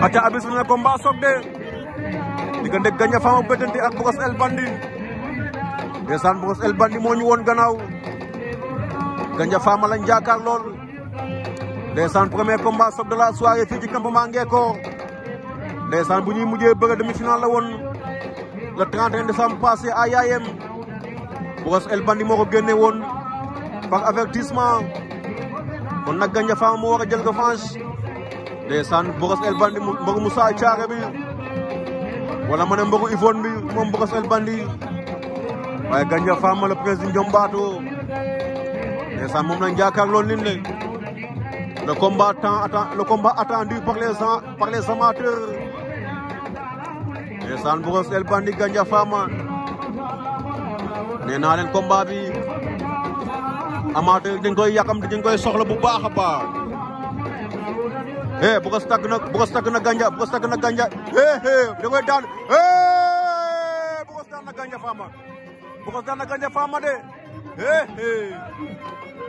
Aja abis na combat Sokh de diggante ganja Fama beden ak Brosse El Bandi. Desan bukas El Bandi moo ñu woon gannaaw Fama lañ jaakaar lool premier combat de la soirée fii ci campement Ngeko ndeysaan bu ñuy mujjee bëgg demi final la woon le 31 décembre passé à Yayem El Bandi moo ko génne par avertissement kon nak Gandia Fama mo wara jël revanche ndeysaan Brosse El Bandit mbogu Moussa Thiaré bi wala ma ne mbogu Yvonne bi moom Brosse El Bandit waaye Gandia Fama le prince du Ndiombato moom lañ jàkkaarloo nin le le combat tant attendu le combat attendu par les El Bandit Gandia Fama nee naa leen combat bi koy yàkkamti dañ koy soxla bu baax a Hey, bukas tag na bukas tag na ganja bukas tag na ganja eh eh da koy daan Hey, bukas daan na ganja farmer, bukas na ganja farmer, de eh eh